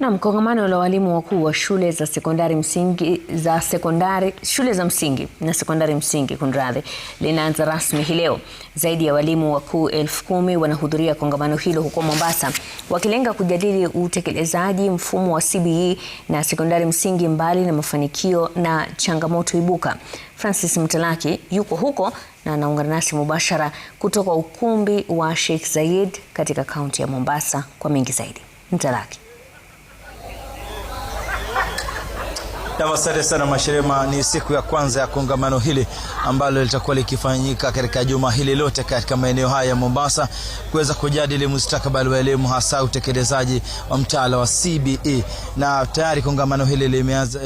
Na mkongamano la walimu wakuu wa shule za sekondari msingi za sekondari shule za msingi na sekondari msingi kunradhi, linaanza rasmi hii leo. Zaidi ya walimu wakuu elfu kumi wanahudhuria kongamano hilo huko Mombasa, wakilenga kujadili utekelezaji mfumo wa CBE na sekondari msingi, mbali na mafanikio na changamoto ibuka. Francis Mtalaki yuko huko na anaungana nasi mubashara kutoka ukumbi wa Sheikh Zayed katika kaunti ya Mombasa. Kwa mengi zaidi, Mtalaki. Nam, asante sana Mashirima. Ni siku ya kwanza ya kongamano hili ambalo litakuwa likifanyika katika juma hili lote katika maeneo haya ya Mombasa kuweza kujadili mustakabali wa elimu, hasa utekelezaji wa mtaala wa CBE, na tayari kongamano hili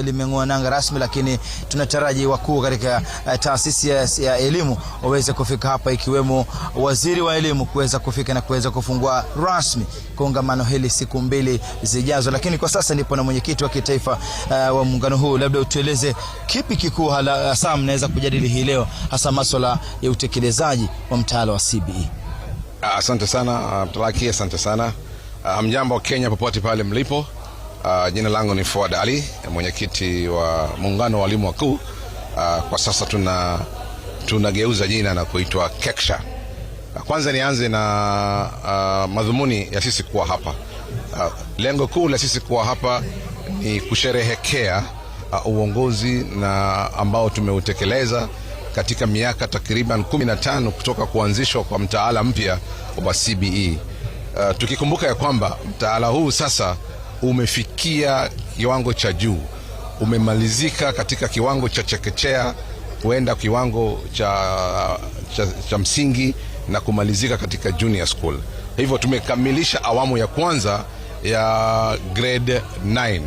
limeng'oa nanga rasmi, lakini tunataraji wakuu katika uh, taasisi ya, ya elimu waweze kufika hapa, ikiwemo waziri wa elimu kuweza kufika na kuweza kufungua rasmi kongamano hili siku mbili zijazo. Lakini kwa sasa ndipo na mwenyekiti wa kitaifa uh, wa muungano huu, labda utueleze kipi kikuu hasa mnaweza kujadili hii leo, hasa masuala ya utekelezaji wa mtaala wa CBE? Asante sana Abdulaki, uh, asante sana uh, mjambo Kenya popote pale mlipo. Uh, jina langu ni Fuad Ali, mwenyekiti wa muungano wa walimu wakuu. Uh, kwa sasa tuna tunageuza jina na kuitwa Keksha. Kwanza nianze na uh, madhumuni ya sisi kuwa hapa uh, lengo kuu la sisi kuwa hapa ni kusherehekea uh, uongozi na ambao tumeutekeleza katika miaka takriban 15 kutoka kuanzishwa kwa mtaala mpya wa CBE uh, tukikumbuka ya kwamba mtaala huu sasa umefikia kiwango cha juu, umemalizika katika kiwango cha chekechea kuenda kiwango cha, cha, cha msingi na kumalizika katika junior school. Hivyo tumekamilisha awamu ya kwanza ya grade 9.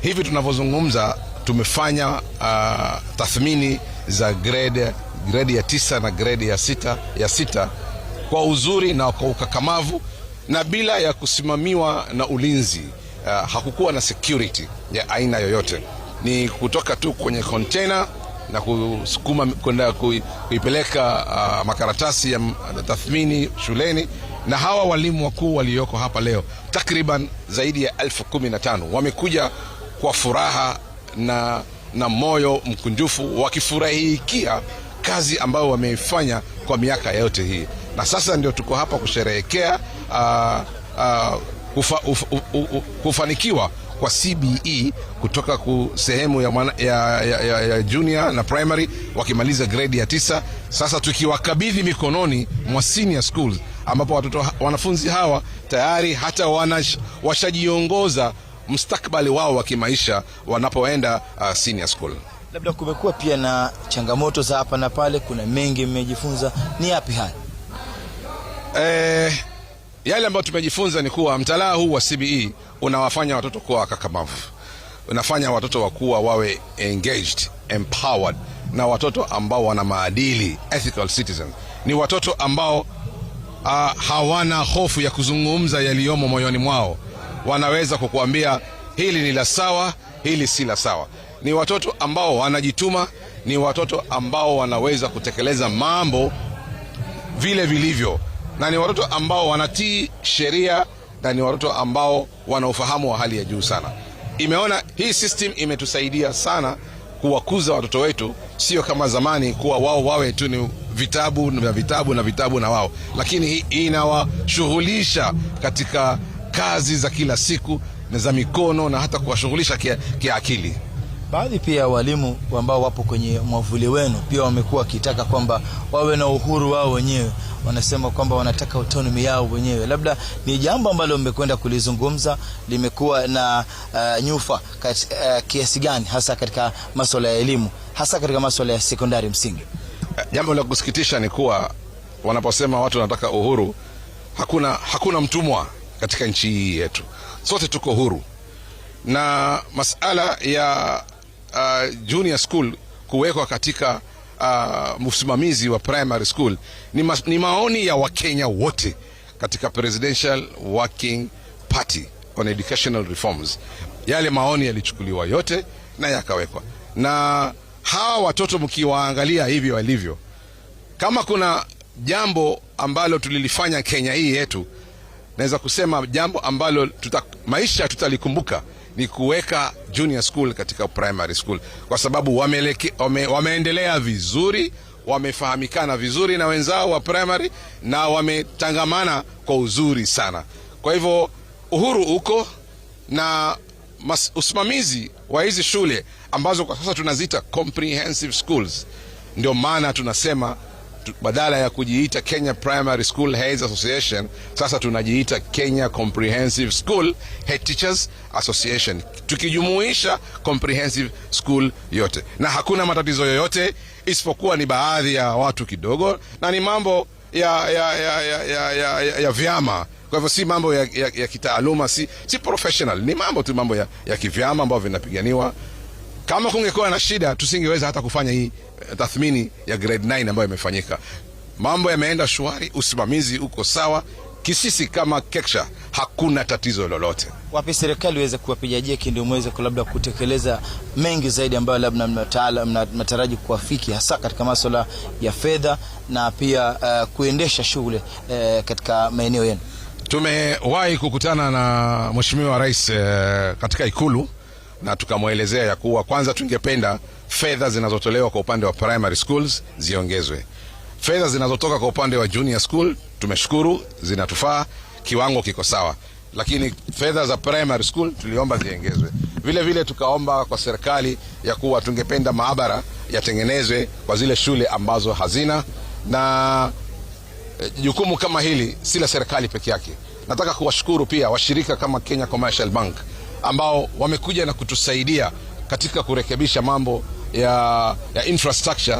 Hivi tunavyozungumza tumefanya uh, tathmini za grade, grade ya tisa na grade ya sita, ya sita kwa uzuri na kwa ukakamavu na bila ya kusimamiwa na ulinzi. Uh, hakukuwa na security ya aina yoyote, ni kutoka tu kwenye container na kusukuma kwenda kuipeleka uh, makaratasi ya tathmini shuleni na hawa walimu wakuu walioko hapa leo takriban zaidi ya elfu kumi na tano wamekuja kwa furaha na, na moyo mkunjufu wakifurahikia kazi ambayo wameifanya kwa miaka yote hii, na sasa ndio tuko hapa kusherehekea uh, uh, kufa, uf, uf, uf, uf, kufanikiwa kwa CBE kutoka ku sehemu ya, ya, ya, ya, ya junior na primary wakimaliza grade ya tisa. Sasa tukiwakabidhi mikononi mwa senior schools ambapo watoto wanafunzi hawa tayari hata washajiongoza mustakabali wao wa kimaisha wanapoenda uh, senior school. Labda kumekuwa pia na changamoto za hapa na pale, kuna mengi mmejifunza, ni yapi haya? Eh, yale ambayo tumejifunza ni kuwa mtalaa huu wa CBE unawafanya watoto kuwa wakakamavu, unafanya watoto wakuwa wawe engaged, empowered, na watoto ambao wana maadili, ethical citizens. Ni watoto ambao uh, hawana hofu ya kuzungumza yaliyomo moyoni mwao, wanaweza kukuambia hili ni la sawa, hili si la sawa. Ni watoto ambao wanajituma, ni watoto ambao wanaweza kutekeleza mambo vile vilivyo na ni watoto ambao wanatii sheria na ni watoto ambao wana ufahamu wa hali ya juu sana. Imeona hii system imetusaidia sana kuwakuza watoto wetu, sio kama zamani kuwa wao wawe tu ni vitabu na vitabu na vitabu na wao, lakini hii inawashughulisha katika kazi za kila siku na za mikono na hata kuwashughulisha kiakili kia Baadhi pia ya walimu ambao wapo kwenye mwavuli wenu pia wamekuwa wakitaka kwamba wawe na uhuru wao wenyewe, wanasema kwamba wanataka autonomy yao wenyewe. Labda ni jambo ambalo mmekwenda kulizungumza, limekuwa na uh, nyufa kat, uh, kiasi gani hasa katika masuala ya elimu, hasa katika masuala ya sekondari msingi? Eh, jambo la kusikitisha ni kuwa wanaposema watu wanataka uhuru, hakuna, hakuna mtumwa katika nchi hii yetu, sote tuko huru na masala ya uh, junior school kuwekwa katika uh, usimamizi wa primary school ni, ma, ni maoni ya Wakenya wote katika Presidential Working Party on Educational Reforms. Yale maoni yalichukuliwa yote na yakawekwa, na hawa watoto mkiwaangalia hivi walivyo, kama kuna jambo ambalo tulilifanya Kenya hii yetu, naweza kusema jambo ambalo tuta, maisha tutalikumbuka ni kuweka junior school katika primary school, kwa sababu wameleke, wame, wameendelea vizuri, wamefahamikana vizuri na wenzao wa primary na wametangamana kwa uzuri sana. Kwa hivyo uhuru uko na mas, usimamizi wa hizi shule ambazo kwa sasa tunaziita comprehensive schools, ndio maana tunasema badala ya kujiita Kenya Primary School Heads Association, sasa tunajiita Kenya Comprehensive School Head Teachers Association, tukijumuisha comprehensive school yote, na hakuna matatizo yoyote isipokuwa ni baadhi ya watu kidogo, na ni mambo ya, ya, ya, ya, ya, ya, ya, ya vyama kwa hivyo si mambo ya, ya, ya kitaaluma si, si professional, ni mambo tu mambo ya, ya kivyama ambayo vinapiganiwa. Kama kungekuwa na shida, tusingeweza hata kufanya hii eh, tathmini ya grade 9 ambayo imefanyika. Mambo yameenda shwari, usimamizi uko sawa. Kisisi kama keksha hakuna tatizo lolote. Wapi serikali iweze kuwapiga jeki, ndio muweze labda kutekeleza mengi zaidi ambayo labda mnataraji kuwafiki, hasa katika masuala ya fedha na pia uh, kuendesha shughuli uh, eh, katika maeneo yenu. Tumewahi kukutana na Mheshimiwa Rais uh, katika Ikulu na tukamwelezea ya kuwa kwanza, tungependa fedha zinazotolewa kwa upande wa primary schools ziongezwe. Fedha zinazotoka kwa upande wa junior school tumeshukuru, zinatufaa, kiwango kiko sawa, lakini fedha za primary school tuliomba ziongezwe. Vile vile tukaomba kwa serikali ya kuwa tungependa maabara yatengenezwe kwa zile shule ambazo hazina, na eh, jukumu kama hili si la serikali peke yake. Nataka kuwashukuru pia washirika kama Kenya Commercial Bank ambao wamekuja na kutusaidia katika kurekebisha mambo ya, ya infrastructure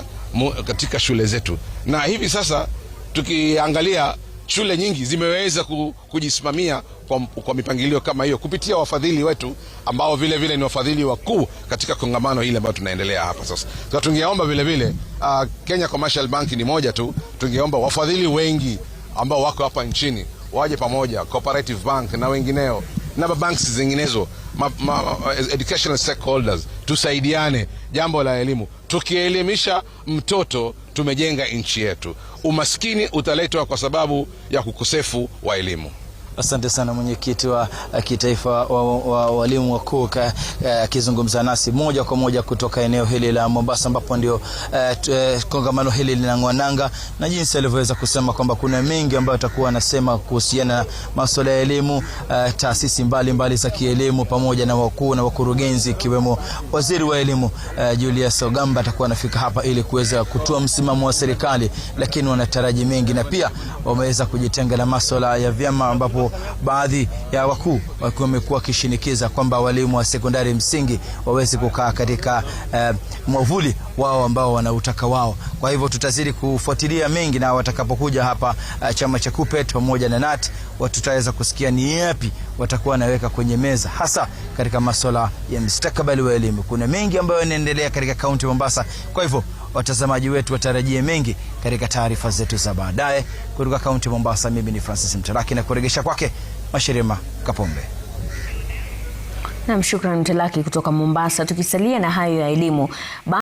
katika shule zetu, na hivi sasa tukiangalia shule nyingi zimeweza kujisimamia kwa, kwa mipangilio kama hiyo kupitia wafadhili wetu ambao vile vile ni wafadhili wakuu katika kongamano hili ambayo tunaendelea hapa sasa. So, tungeomba vile vile uh, Kenya Commercial Bank ni moja tu, tungeomba wafadhili wengi ambao wako hapa nchini waje pamoja, Cooperative Bank na wengineo na mabanks zinginezo ma, ma, educational stakeholders, tusaidiane jambo la elimu. Tukielimisha mtoto tumejenga nchi yetu. Umaskini utaletwa kwa sababu ya ukosefu wa elimu. Asante sana mwenyekiti wa kitaifa wa, wa walimu wakuu eh, akizungumza uh, nasi moja kwa moja kutoka eneo hili la Mombasa ambapo ndio uh, kongamano hili linangwananga, na jinsi alivyoweza kusema kwamba kuna mengi ambayo atakuwa anasema kuhusiana na masuala ya elimu uh, taasisi mbalimbali za kielimu pamoja na wakuu na wakurugenzi, ikiwemo waziri wa elimu uh, Julius Ogamba atakuwa anafika hapa ili kuweza kutoa msimamo wa serikali, lakini wanataraji mengi na pia wameweza kujitenga na masuala ya vyama ambapo ambapo baadhi ya wakuu wakiwa wamekuwa wakishinikiza kwamba walimu wa sekondari msingi waweze kukaa katika eh, mwavuli wao ambao wanautaka wao. Kwa hivyo tutazidi kufuatilia mengi, na watakapokuja hapa eh, chama cha KUPPET pamoja na NAT tutaweza kusikia ni yapi watakuwa wanaweka kwenye meza, hasa katika masuala ya mustakabali wa elimu. Kuna mengi ambayo yanaendelea katika kaunti ya Mombasa, kwa hivyo watazamaji wetu watarajie mengi katika taarifa zetu za baadaye. Kutoka kaunti Mombasa, mimi ni Francis Mtalaki na kuregesha kwake Mashirima Kapombe. Nam, shukran Mtalaki kutoka Mombasa. Tukisalia na hayo ya elimu.